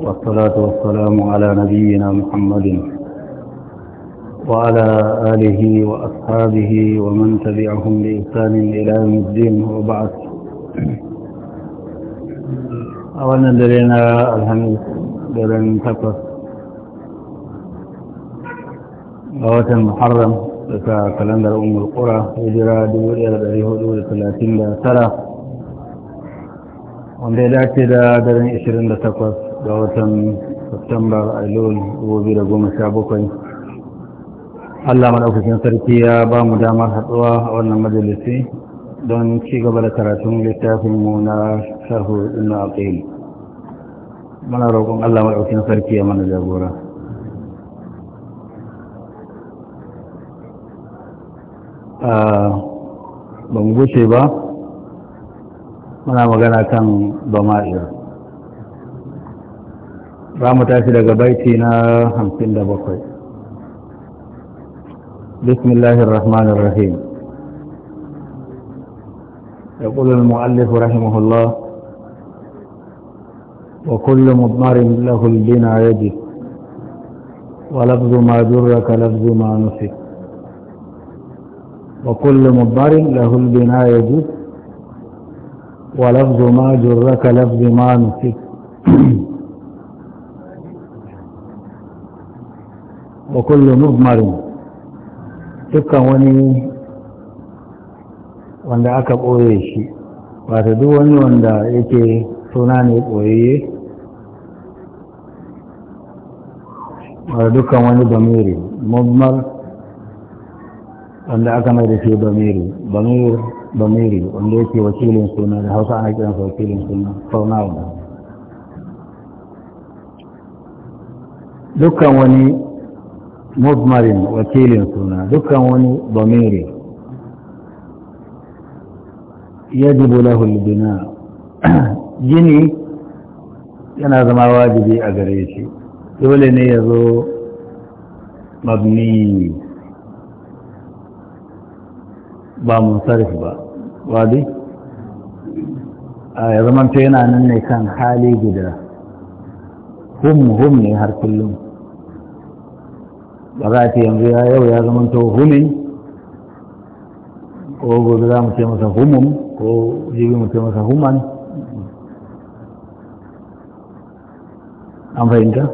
والصلاة والسلام على نبينا محمد وعلى آله وأصحابه ومن تبعهم بإحسان إلى يوم الدين وبعد أولا درينا الحميد درين تقص موات المحرم لك كالندر أم القرى دولي دولة دريه ثلاثين لا ترى wanda ya dace da إشرين لتقص da watan Septembar Ailul 2017 Allah maɗaukacin sarki ya ba mu damar haɗuwa a wannan majalisi don ci gaba da karatun mu na sharhu ina aqil muna roƙon Allah maɗaukakin sarki ya mana jagora ban bushe ba muna magana kan bama'ir za mu tashi daga baiti na hamsin da bakwai bismillahir rahmanir rahim يقول المؤلف رحمه الله وكل مضمر له البناء يجب ولفظ ما جر كلفظ ما نسي وكل مضمر له البناء يجب ولفظ ما جر كلفظ ما نسي wa kullu mugmarin dukkan wani wanda aka ɓoye shi wata duk wani wanda yake suna ne ɓoye wata dukkan wani bamiri mugmar wanda aka mai da shi bamiri bamiri wanda yake wakilin suna da hausa ana kiransa wakilin suna faunawa dukkan wani mudmarin wakilin suna dukkan wani domiri yajibu lahul bina gini yana zama wajibi a gare shi dole ne ya zo mabni ba musarif ba wadi a ya zama yana nan ne kan hali guda hum hum ne har kullum ba za ce yanzu ya yau ya zama to huli ko gobe za mu ce masa humum ko jibi mu ce masa human an fahimta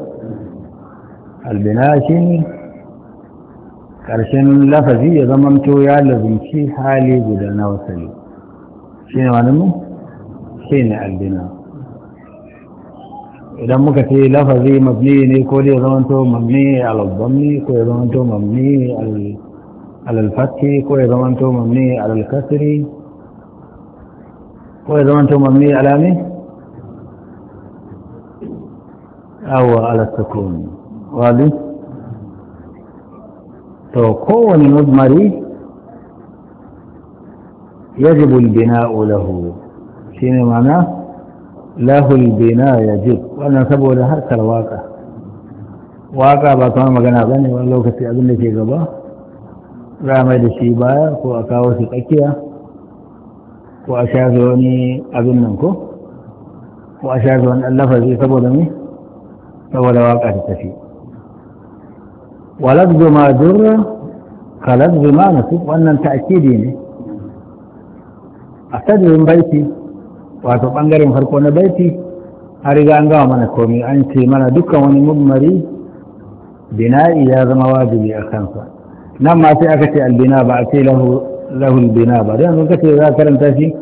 albina shi ne ƙarshen lafazi ya zama to ya lazumci hali guda na wasali shi ne wani mu shi ne albina idan muka ce lafazi mabni ne ko dai zamanto mabni al-dhammi ko ya zamanto mabni al-fathi ko ya zamanto mabni al-kasri ko ya zamanto mabni alami aw al-sukun wadi to kowane mudmari يجب البناء له شنو معناه lahul bina ya ji wannan saboda harkar waka waka ba kuma magana ba ne wani lokaci abin da ke gaba za mai da shi baya ko a kawo shi tsakiya ko a shafi wani abin nan ko ko a shafi wani allafazi saboda me saboda waka ta tafi walabdu ma durra zuma ma nasu wannan ta'akidi ne a sadrin baiti wato ɓangaren farko na baiti a riga an gawa mana komi an ce mana dukkan wani mummari bina'i ya zama wajibi a kansa nan ma sai aka ce albina ba a ce lahul bina ba don sun kace za karanta shi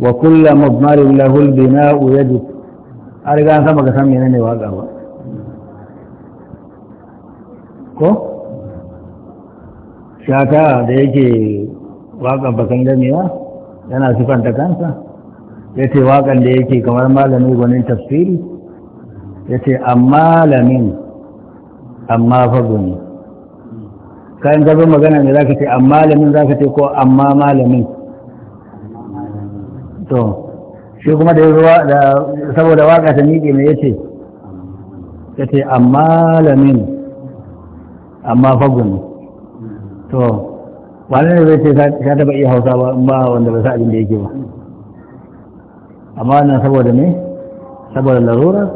wa kulla mummarin lahul bina'u yajib a riga an sama ga san ne waka ba ko shata da yake waka bakan gamewa yana sifanta kansa ya ce waƙan da yake kamar malami gwanin tafsiri ya ce amma lamin amma fagoni kayan gaba magana ne za ka ce amma lamin za ka ce ko amma malamin to shi kuma da zuwa da saboda waƙa ta miƙe mai ya ce ya ce amma lamin amma fagoni to wani ne zai ce ta taɓa iya hausa ba wanda ba sa abin da yake ba amma wannan saboda ne saboda larura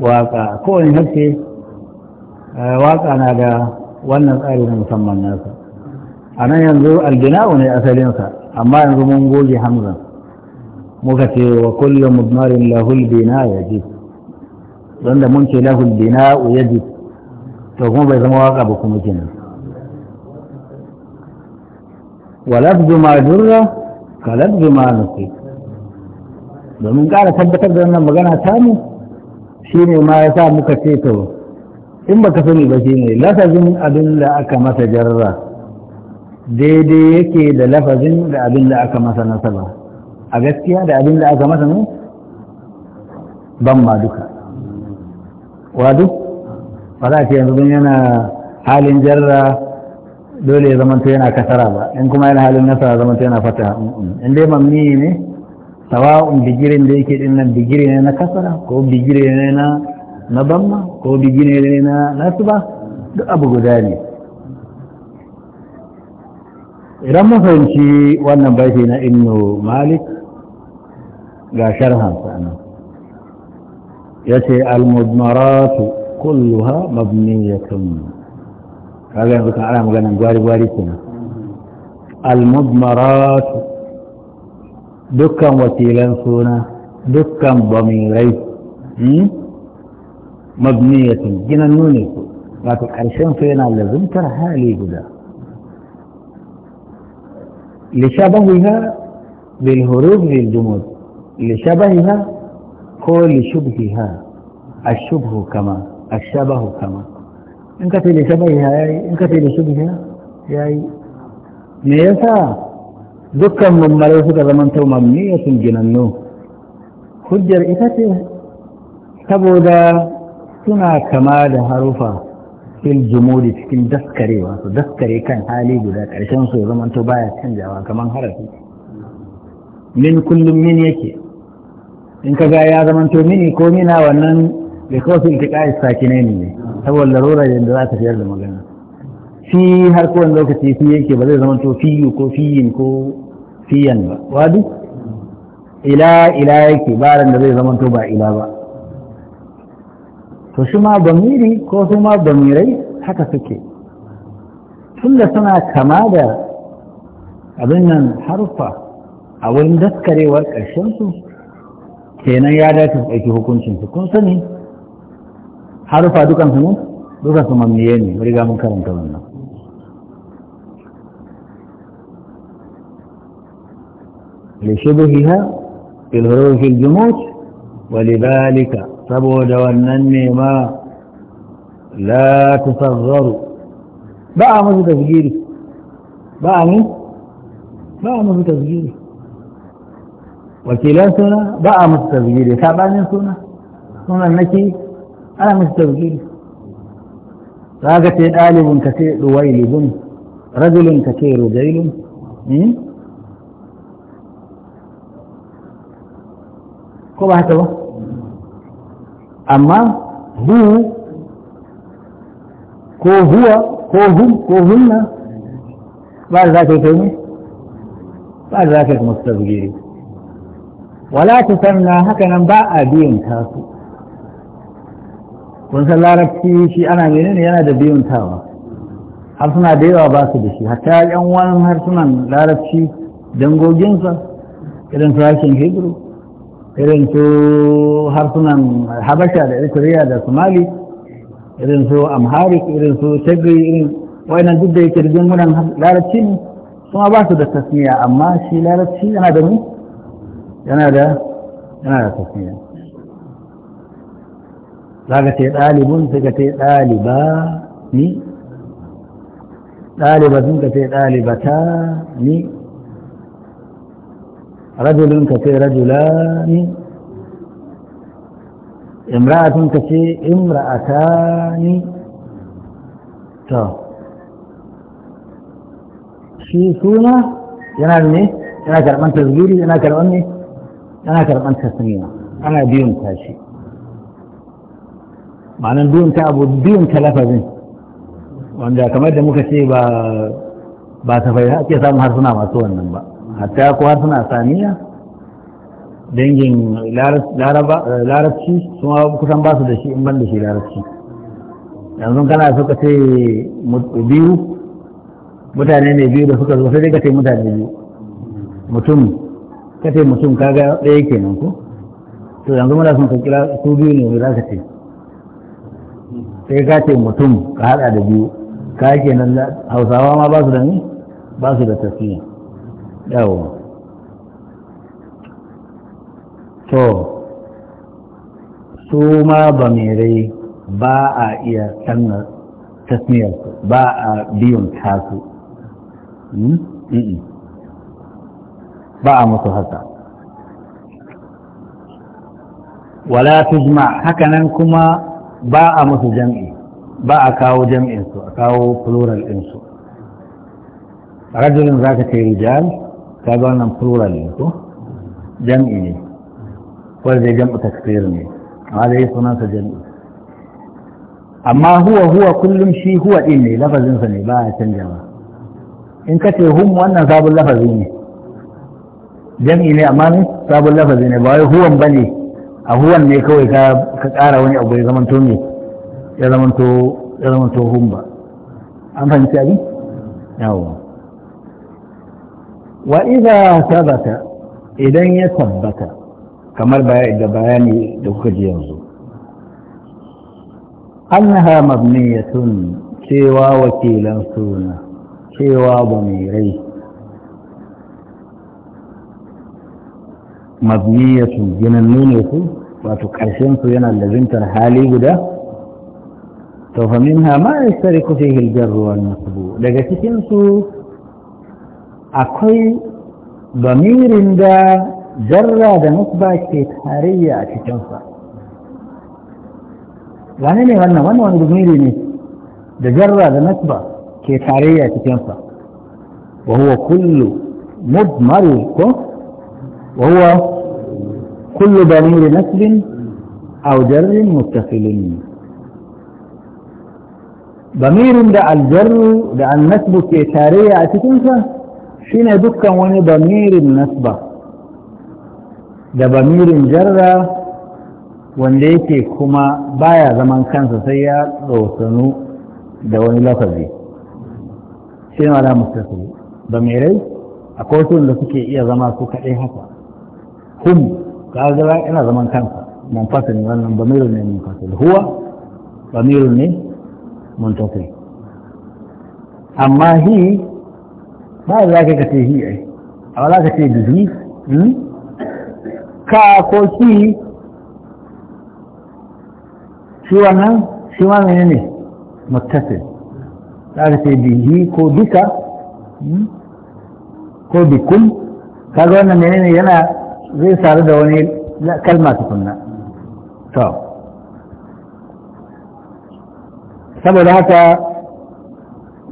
waka kowane harshe eh, waka na da wannan tsari na musamman nasa a nan yanzu algina'u ne asalinsa amma yanzu mun goge hamza muka ce wa kullum mudmarin lahul bina ya ji wanda mun ce lahul bina ya ji to kuma bai zama waka ba kuma kenan walaf juma durra kalaf juma nasi domin ƙara tabbatar da wannan magana ta mu shi ne ma ya sa muka ce to in baka sani ba shi ne lafazin abin da aka masa jarra daidai yake da lafazin da abin da aka masa nasaba a gaskiya da abin da aka masa ne ban ma duka wadu ba za ce yanzu yana halin jarra dole ya zamanta yana kasara ba in kuma yana halin nasara zamanta yana fata in dai mamni ne sawa'un bigirin da yake din nan bigire ne na kasara ko bigire ne na na bamma ko bigire ne na nasuba duk abu guda ne idan mun fahimci wannan baiti na inno malik ga sharhan sana yace al-mudmaratu kulluha mabniyatun kaga yanzu kan ana maganan gwari gwari kenan al-mudmaratu دكان وكيلان سونا دكان ضميري مبنية جنا النوني لكن عرشان فينا لازم ترى هالي جدا لشبهها بالهروب للجمود لشبهها كل شبهها الشبه كما الشبه كما انك في لشبهها يا انك في لشبهها يا ميسا dukkan mummare suka zamanto sun ginannu hujjar ita ce saboda suna kama da harufa fil jumuri cikin daskare, wasu daskare kan hali guda ƙarshen su zamanto baya canjawa kamar harafi min kullum min yake in ka ga ya zamanto mini ko mina wannan da kawai su iltiƙa sakinai ne saboda larura yadda za ta fiyar da magana fi har kowane lokaci fi yake ba zai to fiyu ko fiyin ko fiyan ba wadu ila ila yake baran da zai zamanto ba ila ba to shi ma bamiri ko su ma bamirai haka suke tunda suna kama da abin nan harfa a wurin daskarewar su kenan ya dace su ɗauki su kun sani harfa dukansu ne dukansu mamiye ne riga mun karanta wannan لشبهها في الغروف الجموت ولذلك فبود ونني ما لا تصغروا بقى مجد تفجيري بقى مين بقى مجد تفجيري وكلا سنة بقى مجد تفجيري سبعين سنة سنة النكي أنا مجد تفجيري راجت آل كثير ويلب رجل كثير ذيل ko ba haka ba amma hu ko huwa ko hum ko hunna ba za ka kai ne ba za ka kai wala ta sanna haka nan ba a biyan tasu kun san larabci shi ana menene yana da biyun tawa harsuna da yawa ba su da shi hatta yan wani harsunan larabci dangoginsa irin su harshen hebrew irin su harsunan habasha da eritrea da somali irin su amharic irin su tegri irin wayannan duk da yake rigungunan larabci ne kuma ba su da tasmiya amma shi larabci yana da mu yana da yana da tasmiya za ka ce ɗalibun sai ka ce ɗaliba ni sun ka ce ɗalibata ni rajulun ka ce rajulani imra'atun ka ce imra'atani to shi suna yana ne yana karɓar tasgiri yana karɓar ne yana karɓar tasmiya ana biyun ta shi ma'anar biyun ta abu biyun ta lafazin wanda kamar da muka ce ba ba safai ake samun harsuna masu wannan ba hatta kuwa suna saniya dangin eh, larabci su kusan ba su da shi in ban da shi larabci yanzu kana suka ce biyu mutane ne biyu da suka zo sai dai ka ce mutane biyu mutum ka ce mutum kaga ɗaya kenan ko to yanzu muna sun kira su biyu ne za ka ce sai ka ce mutum ka haɗa da biyu ka nan hausawa ma ba su da ni ba su da tafiya yawo to su ma bamirai ba a iya sannan tasmiyarsu ba a biyun tasu hmm? ba a musu haka wala tujma hakanan kuma ba a musu jam'i ba a kawo jam'insu a kawo plural ɗinsu rajulun za ka ce rijal kaga wannan plural ne ko jam'i ne wanda zai jam'u takfir ne amma dai sunansa jam'i amma huwa huwa kullum shi huwa din ne lafazinsa ne ba ya ba. in ka ce hum wannan sabon lafazi ne jam'i ne amma ne sabon lafazi ne ba wai huwan bane a huwan ne kawai ka ƙara wani abu ya zamanto ne ya zamanto hum ba an fahimci abin Yawo. وإذا ثبت إذا يثبت كما البيان دخل ينزو أنها مبنية سوى وكيلا سونا سوى ضميري مبنية جننونية وتكرشنك ينا لزمتر حالي قده فمنها ما يشترك فيه الجر والمقبول لقد تنسوا akwai bamirin da jarra da nasba ke tarayya a cikinsa wane ne wannan wannan wani bamiri ne da jarra da nasba ke tarayya a cikinsa Wahuwa huwa kullu mudmar ko wa huwa kullu bamiri nasbin aw jarrin muttasilin bamirin da aljarru da annasbu ke tarayya a cikinsa shine dukkan wani bamirin nasba da bamirin jarra wanda yake kuma baya zaman kansa sai ya tsotsanu da wani lafazi shi ne wala mustasili bamirai a kotun da suke iya zama su kaɗai haka hum zara yana zaman kansa mun wannan منفصل لأن huwa bamirin ne mun منتصل amma hi ba za ka ce hi ai amma za ka ce bihi hmm? ka ko ki shi wannan shi ma mene ne muttasil za ka ce bihi ko duka hmm? ko bikun ga wannan mene ne yana zai saru da wani kalma tukunna to saboda haka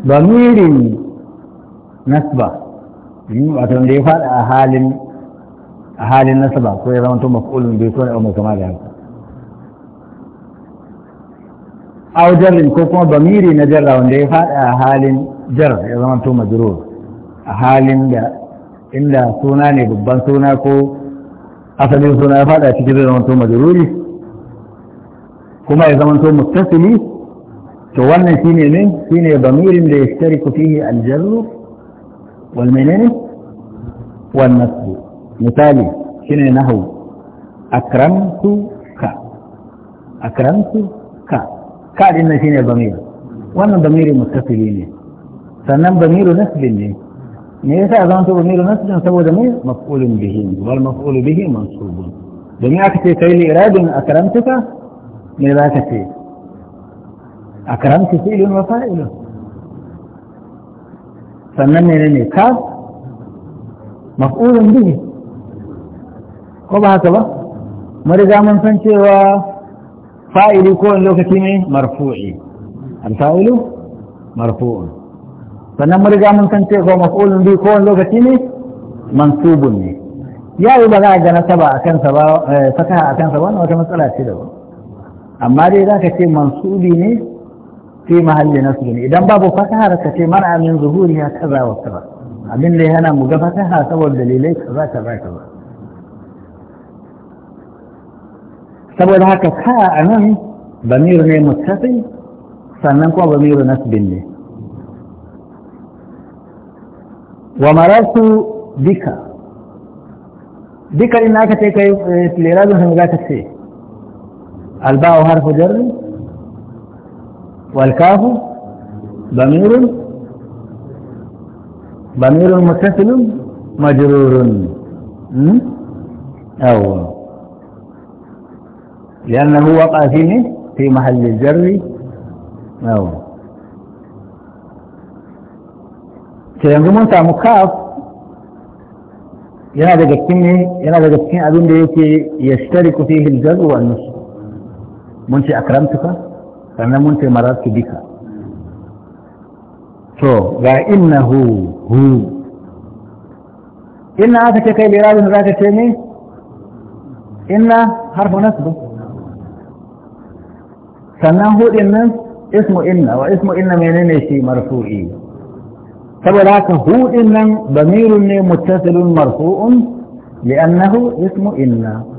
bamirin نسبة وقت من يفعل أهالي أهالي النسبة كيف أنتم مفؤول من بيتون أو مكما لهم أو جر كوكو ضميري نجر وان يفعل أهالي جر إذا أنتم مجرور أهالي إلا سوناني ببان سوناكو أصلي سونا يفعل أتجر إذا أنتم مجروري كما إذا أنتم متصلي تو wannan shine ne shine bamirin da yake tare ku fi aljarru والمنين والنسب مثال شنو نهو اكرمت كا اكرمت كا ك دي نشينه ضمير وانا ضمير متصل لي ضمير نسب لي ليس اظن ضمير نسب سبب ضمير مفعول به والمفعول به منصوب دنيا كتير تقول لي أكرمتك من ذاك أكرمت فيه لون وفائله sannan ne ne ka maf'ulun bihi ko ba haka ba mun riga mun san cewa fa'ili ko wani lokaci ne marfu'i alfa'ilu marfu'un sannan mun riga mun san cewa maf'ulun bihi ko wani lokaci ne mansubun ne yi ba za a ga nasaba a kansa ba saka eh, a kansa ba wata matsala ce da ba amma dai za ka ce mansubi ne في محل نسل اذا باب فتحة ركتي منع من ظهورها كذا وكذا أبن لي هنا مقفتها سبب دليلي إيه؟ كذا كذا كذا سبب لها كفحة أمام بمير لي متفقي ضمير بمير نسب لي ومرات بك بك إنك تكيف إيه، لرادو سمجاتك فيه الباء حرف جر والكاف ضمير ضمير متصل مجرور او لانه وقع فيه في محل الجر او كلمه انت مكاف يا هذا الكني يا هذا الكني أبين يشترك فيه الجر والنصب منشئ أكرمتك sannan mun ce marasu bika to ga inna hu hu inna aka ce kai lirabin za ka ce ne inna harfu nasbu sannan hudin nan ismu inna wa ismu inna menene shi marfu'i saboda haka hudin nan bamirun ne mutasilun marfu'un لأنه اسم إِنَّا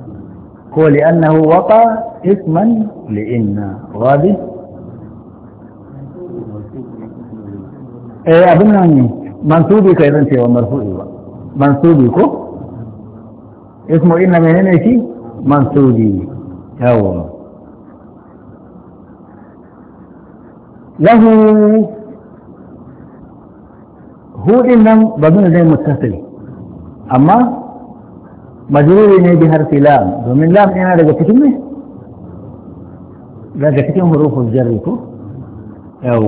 هو لأنه وقع اسما لإن غادي ايه أبنى عني منصوبك إذا انت ومرفوعي منصوبك اسمه إن من هنا شيء منصوبي هو له هو إن بدون ذي متصل أما مجرور ne بحرف لام ومن لام هنا ده كتم ده كتم حروف الجر كو او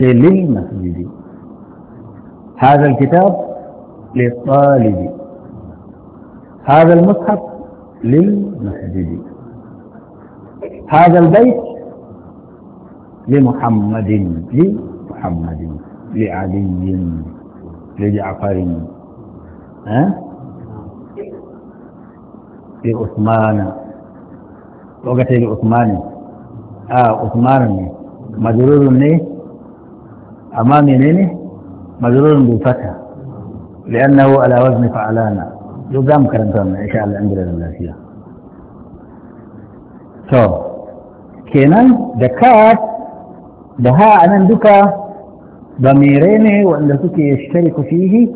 للمسجد هذا الكتاب للطالب هذا المصحف للمسجد هذا البيت لمحمد لمحمد لعلي لجعفر ها أه؟ عثمان وقتل عثمان آه عثمان مجرور ني أمامي نيني مجرور بفتح لأنه على وزن فعلانا يقام كرمتنا إن شاء الله عند الله فيها تو kenan دكات ka انا دكا a وان duka يشترك فيه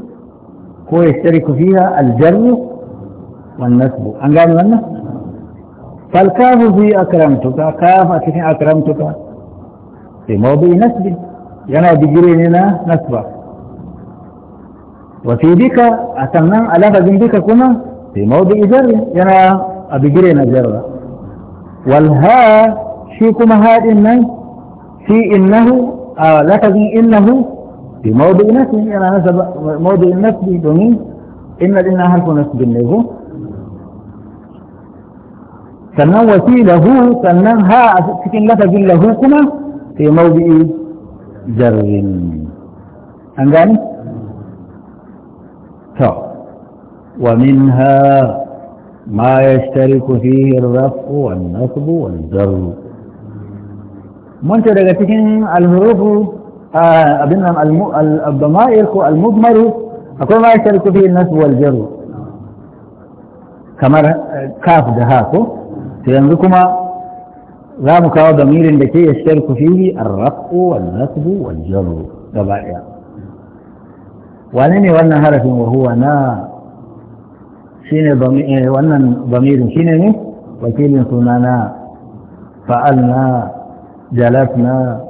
هو يشترك فيها الجر والنسب أن من النسب فالكاف في أكرمتك كاف في أكرمتك في موضع نسب يعني ينا هنا نسبة وفي بك أتمنى ألف بك كنا في موضع جر ينا يعني بجرين جر والها شيكما هاد إنه في إنه آه في إنه في موضع نسب ينا يعني نسب موضع النسب دمين إن الإنه حرف نسب النسب كان وسيله كان ها سكن لفظ له كما في موضع جر انجاني ومنها ما يشترك فيه الرفع والنصب والجر من ترى سكن الحروف آه، الضمائر المضمر اكون ما يشترك فيه النصب والجر كما كاف دهاكو to yanzu kuma za mu kawo damirin da ke ya shirku fihi arrafu wal nasbu wal jarru gaba daya wane ne wannan harafin wa huwa na shine wannan damirin shine ne wakilin sunana fa'alna jalasna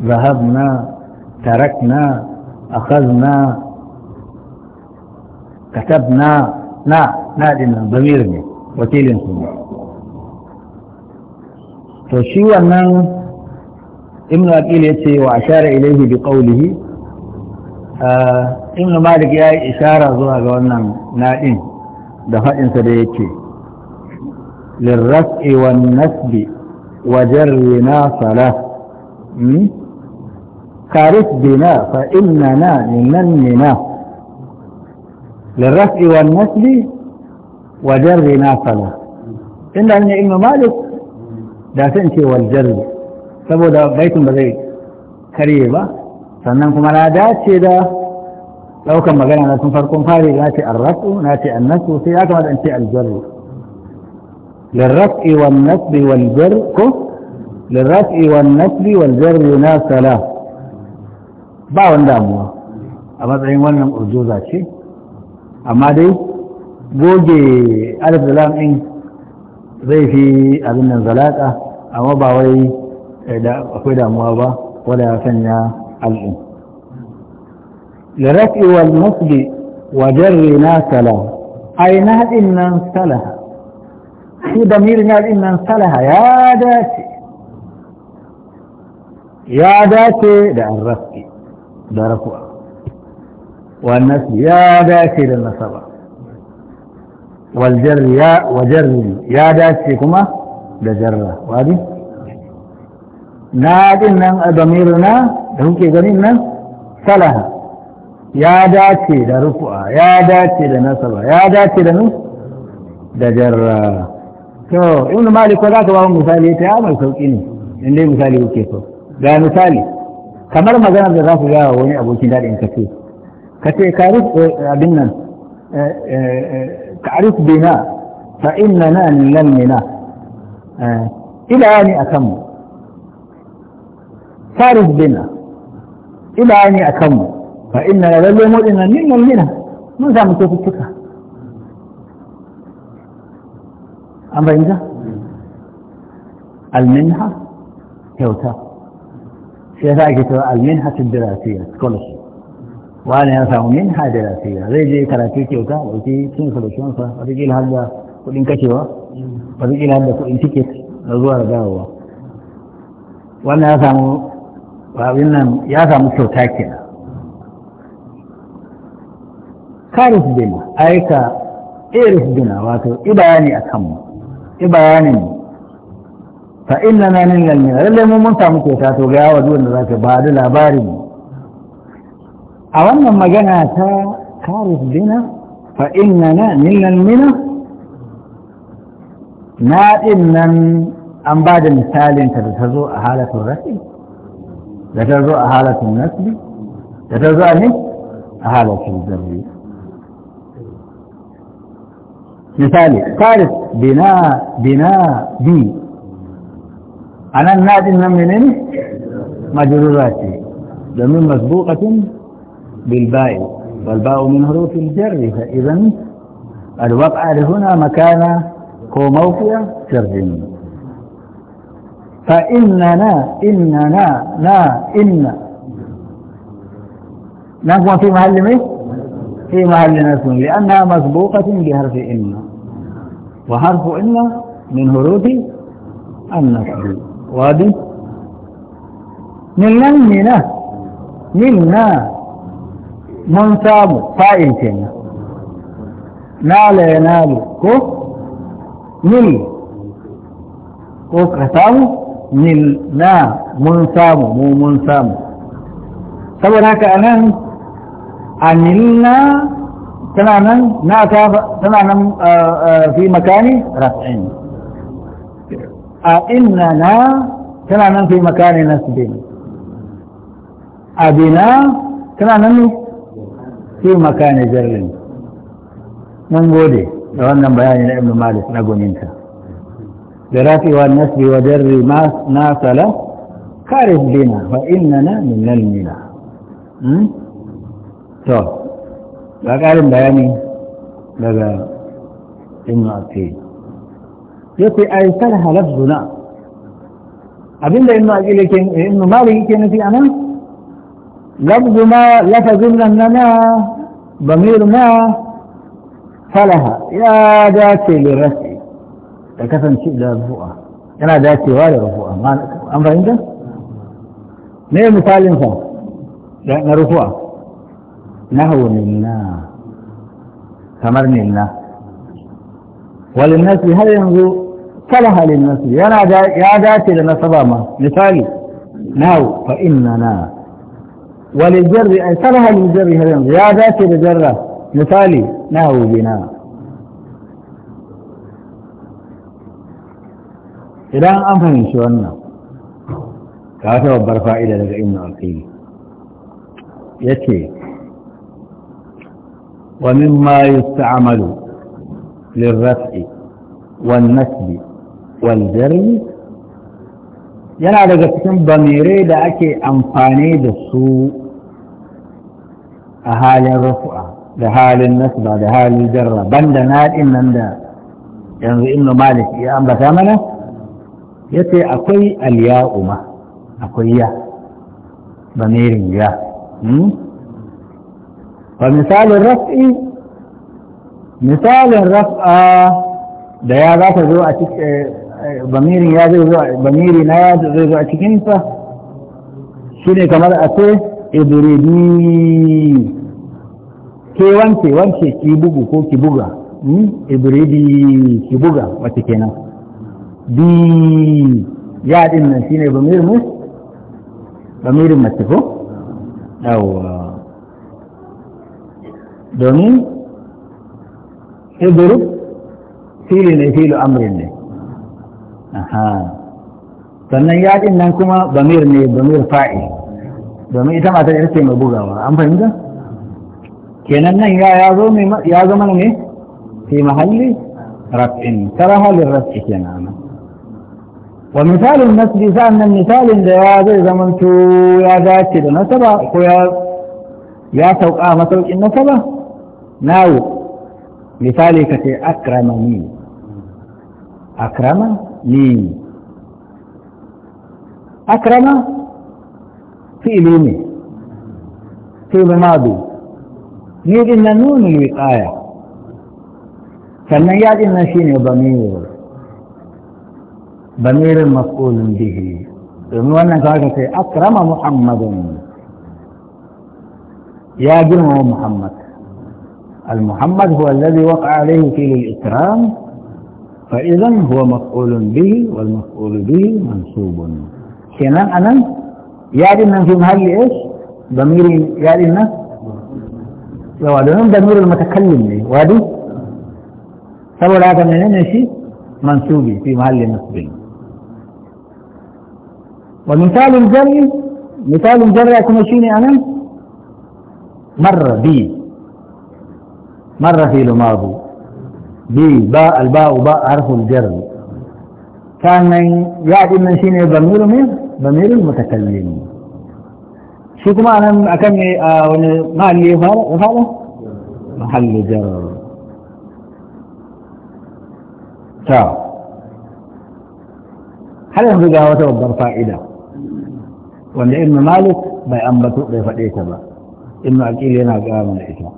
zahabna tarakna akhadna katabna na na dinnan damirin ne wakilin sunana to shi wannan ibn aqil ya ce wa ashara ilaihi bi qawlihi ibn malik ya yi ishara zuwa ga wannan nadin da haɗin faɗinsa da yake lirraf'i wan nasbi wa jarri nasala hmm? karif bina fa innana minannina lirraf'i wan nasbi wa jarri nasala inda ne ibn malik da sun ce wal jazm saboda baitin ba zai karye ba sannan kuma na dace da daukan magana na sun farkon fari na ce arrasu na ce annasu sai ya kamata in ce aljarru للرفع والنصب والجر للرفع والنصب والجر يناسلا ba wanda damuwa a matsayin wannan urjuza ce amma dai goge alif da lam din zai fi abin nan zalaka amma ba wai akwai damuwa ba wadda ya sanya al'in lirafi wal musbi wa jarri na salaha ai na haɗin nan salaha su da mirin haɗin nan salaha ya dace ya dace da an rafi da rafuwa والنسب يا داتي للنصب والجر يا وجر ya dace kuma da jarra wadi na din nan a na da kuke ganin nan Salah ya dace da rufu'a ya dace da nasaba ya dace da nu da jarra to in ma malik za ka ba mu misali ta mai sauki ne in dai misali kuke so ga misali kamar magana da za ku ga wani abokin dadin ka ce ka ce ka rufe eh, abin nan eh, eh, ka arif bina fa inna na lalmina آه. إلى أكمل فارس بنا إلى أكمل أتم فإن لذلك يقول إن من زعم توفتك أما إذا المنحة كوتا شيء ثاني المنحة الدراسية سكولرشيب wani ya samu min ha da lafiya zai je karatu kyauta ɗauki cin sa da kudin kacewa ba zai ina da kudin tiket na zuwa da dawowa wannan ya samu babin nan ya samu kyauta na? karis bin aika iris bin wato ibayani a kanmu ibayanin fa inna na nan lalmina lallai mu mun samu kyauta to ga yawa duwanda za ka ba da labarin a wannan magana ta karis bin fa inna na nan lalmina na ɗin nan an ba da misalinta da ta zo a halatun rafi da ta zo a halatun nasbi da ta zo a ne a halatun zarri misali faris bina bina bi a nan na ɗin nan mene ne majurura ce domin masbuƙatun bilba'i والباء من حروف الجر فإذا الوقع هنا مكان كوموفيا ترجم فإننا إننا نا إن نكون في محل ميه في محل نسم لأنها مسبوقة بحرف إن وحرف إن من هروب النسل وادي من لمنا منا منصاب سامو فائل كنا نال ينال كو nil ko ka samu nil na mun samu mu mun samu saboda haka anan anilna tana nan na ta tana nan fi makani raf'in a inna na tana nan fi makani nasbin abina tana nan fi makani jarrin mun gode da wannan bayani na ibn malik na goninta da rafiwa nasbi wa jarri na sala karif bina wa innana min nalmila to ga karin bayani daga ibn aqil yace ay sarha lafzuna abinda ibn aqil yake ibn malik yake nufi anan lafzu ma lafazun nan na ضمير ما فلها يا ذاتي لرسي لكفن شيء لرفوقة أنا ذاتي واري رفوءه ما أمر عندك؟ من المثال مثال إنسان؟ لأن رفوقة نهو لنا فمرني لنا وللناس هل ينظر فلها للناس يا يا ذاتي لنا صبامة مثالي نهو فإننا وللجر أي فلها للجر هل ينظر يا ذاتي لجره misali na hau na idan an fahimci wannan ga wata babbar fa'ida daga ibn al ya ce, wa mimma yusta'malu lirraf'i wan nasbi wal jarri yana daga cikin bamire da ake amfani da su a halin rufu'a. da halin ba da halin jarra banda naɗin nan da yanzu inu malik ya ambata mana ya ce akwai alya'u ma akwai ya bamirin ya ba hmm? misalin raf'i misalin raf'a da ya za ta zo a cikin eh, eh, bamirin ya zai zo bamiri na ya zai zo a cikinsa shi ne kamar a ce ibridi ke wance wance ki bugu ko ki buga hmm? ibridi ki buga wata kenan bi ya din nan shine bamir mus bamirin mace ko yawwa domin ibrib fili ne fili amrin ne aha sannan ya din nan kuma bamir ne bamir fa'i domin ita matar ita ce mai bugawa an fahimta كننا يا زمن ايه في محل رفع كره للرفع كنانا ومثال النسب فان مثال يا زمن تو يا ذات النسب يا يا آه توقع مثل النسب ناو مثالي كتي اكرمني اكرم لي اكرم في ليني في الماضي ni din nan nuni wiqaya sannan ya din nan shine bamir bamir maf'ulun يا جمع محمد المحمد هو الذي وقع عليه فيه الإكرام فإذا هو مفعول به والمفعول به منصوب شنان أنا يا من في محل إيش ضمير يعني يوالهم ضمير المتكلم لي وادي سبب هذا من هنا منسوبي في محل نصب ومثال الجري مثال الجري يكون شيني أنا مر بي مر في الماضي بي باء الباء وباء حرف الجري كان يعد من شيني ضمير من ضمير المتكلمين shi kuma anan akan ne a wani mahalli ya fara mahalli jar ta har yanzu ga wata babbar fa'ida wanda ibn malik bai ambato bai faɗe ta ba ibn aqil yana ga mana ita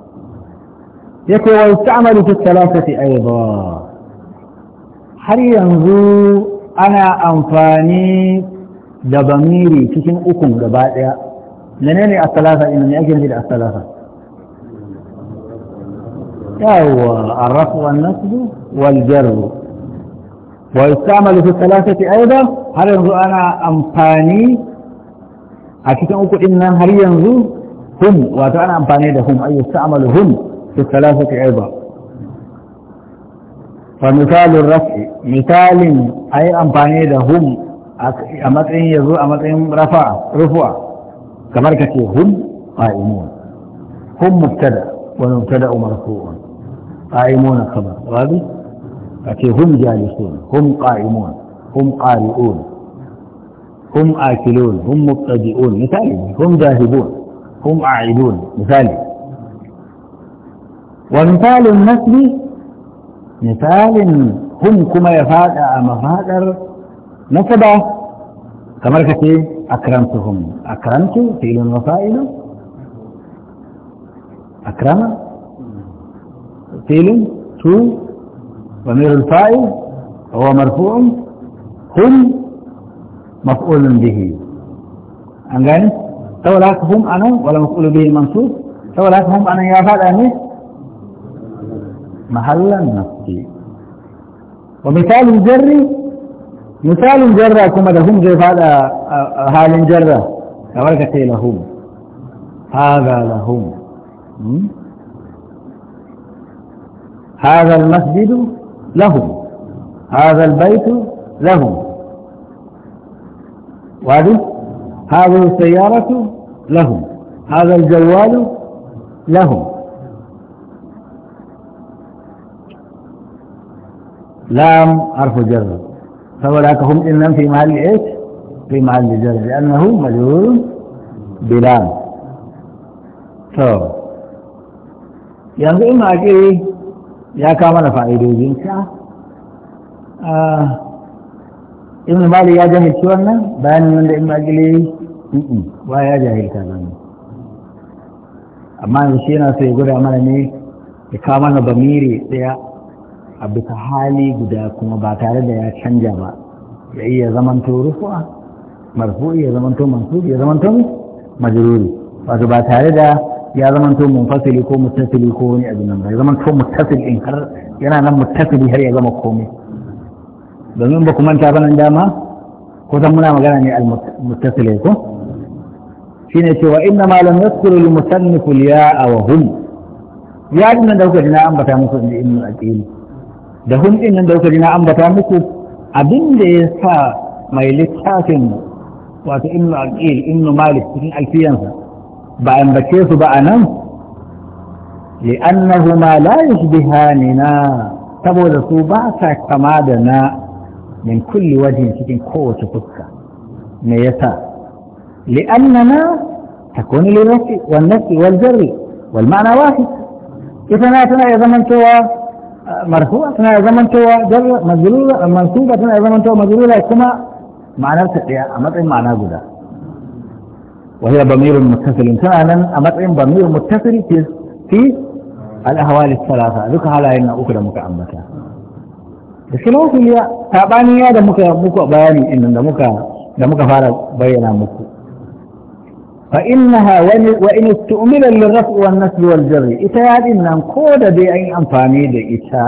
Ya yake wa istamalu fi a aidan har yanzu ana amfani da bamiri cikin ukun gaba ɗaya menene a salasa ina ne ake nufi da a salasa yawwa arrafu wan nasbu wal jarru wa yustamalu fi salasati aida har yanzu ana amfani a cikin uku din nan har yanzu hum wato ana amfani da hum ay yustamalu hum fi salasati aidan fa misalun raf'i misalin ayi amfani da hum a matsayin yazo a matsayin rafa rufu'a كمركة هم قائمون هم مبتدا ومبتدا مرفوع قائمون خبر غادي لكن هم جالسون هم قائمون هم قارئون هم آكلون هم مبتدئون مثال هم ذاهبون هم أعيدون مثال ومثال النسل مثال هم كما يفادع مفادر نسبة كما كتير أكرمتهم أكرمت فعل وفائل أكرم فعل تو ضمير الفاعل هو مرفوع هم مفعول به أنجاني سولاك هم أنا ولا مفعول به منصوب سولاك هم أنا يا فعل أني محلا نفسي ومثال الجري مثال جرى كما لهم هذا هال جرى كوالكتي لهم هذا لهم هذا المسجد لهم هذا البيت لهم وهذه هذه السيارة لهم هذا الجوال لهم لام حرف جرب فولاك هم إنهم في محل إيش في محل جر لأنه مجهول بلام تو yanzu in ake ya kama da fa'idojinsa ibn mali ya jahilci wannan bayanin wanda ibn agili ba ya jahilta zan amma yanzu shi yana so ya guda mana ne ya kama na bamiri ɗaya a bisa hali guda kuma ba tare da ya canja ba ya iya zamanto rufu'a marfu ya zamanto mansub ya zamanto majruri wato ba tare da ya zamanto munfasili ko muttasili ko wani abu nan ba ya zamanto muttasil in har yana nan muttasili har ya zama komai domin ba ku manta nan dama ko san muna magana ne al muttasile ko shine cewa inna ma lam yadhkuru al musannifu al ya'a wa hum ya dinnan da kuka dina ambata musu inda ibn al-aqil da hundin nan da kuka ji na ambata muku abin da ya sa mai littafin wato ibnu aqil ibnu malik cikin alfiyansa ba ambace su ba a nan? anan li'annahuma la na, saboda su ba sa kama da na min kulli wajhin cikin kowace fuska me yasa li'annana takunu lirafi wan nafi wal jarri wal ma'na wahid ita na tana ya zaman cewa marfu'a tana zamantowa jarra mazlula mansuba tana zamantowa mazlula kuma ma'anar ta daya a matsayin ma'ana guda wa hiya damirun muttasilin tana nan a matsayin damir muttasili fi fi al-ahwal duka halayen na uku da muka ambata da khilafin ya tabani ya da muka muka bayani din da muka da muka fara bayyana muku فإنها وإن استؤمن للرفع والنسل والجر إتياد إنن نقود دي أي أنفاني دي إتا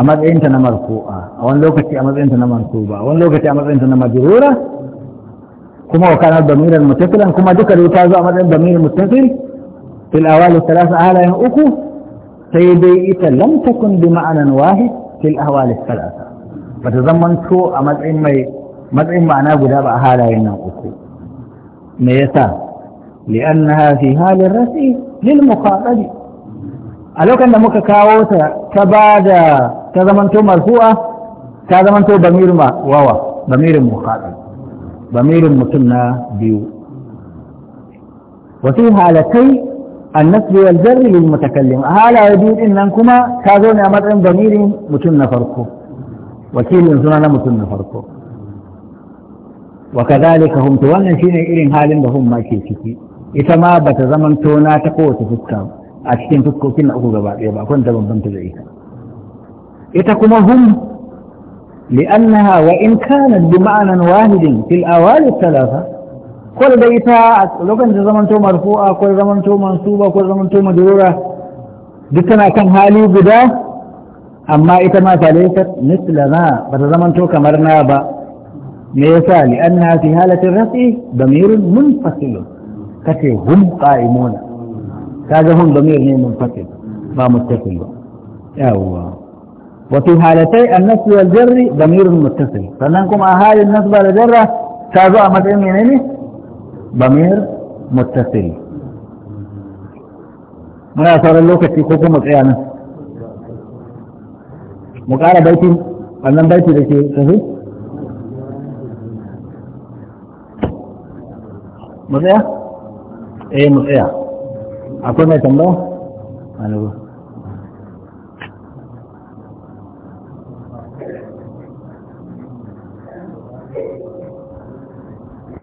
أمد أنت نمرفوعة وأن كنت أمد أنت نمنصوبة وأن كنت أمد أنت نمجرورة كما وكان الضمير المتصل كما ذكر يتازع أمد أنت ضمير متصل في الأوال الثلاثة أهلا ينقوكو سيدي إتا لم تكن بمعنى واحد في الأوال الثلاثة فتضمن أمد مدعين مدعين معناه قدابة أهلا ينقوكو me yasa li'annaha fi halin rasi lil muqatabi a lokacin da muka kawo ta ta bada ta zamanto marfu'a ta zamanto damir ma wawa damirin muqatab damirin mutum na biyu wa fi halatai النسب والجر للمتكلم هذا a matsayin bamirin mutum na farko, wakilin suna na mutum na farko. wa kadhalika hum to wannan shine irin halin da hum ma ke ciki ita ma bata zaman tona ta kowace fuska a cikin fuskokin na uku gaba ɗaya ba kun ta bambanta da ita ita kuma hum li'annaha wa in kanat bi ma'anan wahidin fil awali thalatha ko da ita a lokacin da zaman to marfu'a ko zaman to mansuba ko zaman to madrura duk kan hali guda amma ita ma fa laysat mithla na. bata zaman to kamar na ba ليس لأنها في هالة الرفع ضمير منفصل كثير هم قائمون هذا هم ضمير منفصل ما متصل وفي حالتي النصب والجر ضمير متصل فننكم أهالي النصب والجر كاذا مثلا منين ضمير متصل ما أصار الله كثير kuma tsaya nan بيتي أنا بيتي بيتي mu tsaya eh mu tsaya akwai mai tambaya alaikum